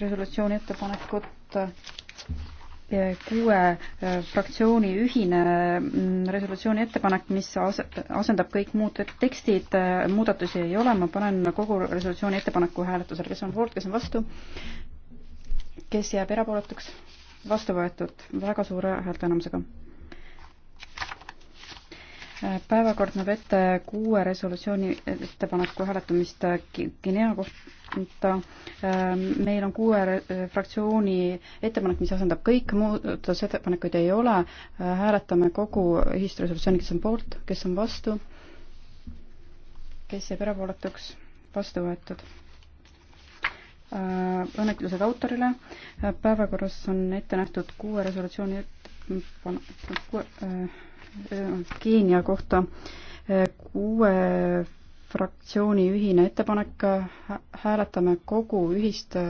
resolutsiooni ettepanekut kuue äh, fraktsiooni ühine mm, resolutsiooni ettepanek, mis asendab kõik muud tekstid, äh, muudatusi ei ole, ma panen kogu resolutsiooni ettepaneku hääletusele, kes on poolt, kes on vastu, kes jääb erapooletuks, vastu võetud väga suure häälteenamusega. Äh, päevakord näeb ette kuue resolutsiooni ettepaneku hääletamist Guinea kohta, Ähm, meil on kuue äh, fraktsiooni ettepanek, mis asendab kõik, muudatusettepanekuid ei ole, äh, hääletame kogu ühisresolutsiooni, kes on poolt, kes on vastu, kes jääb erapooletuks, vastu võetud. Äh, Õnnetlused autorile, päevakorras on ette nähtud kuue resolutsiooni ettepanek Keenia kohta kuue fraktsiooni ühine ettepanek, hääletame kogu ühist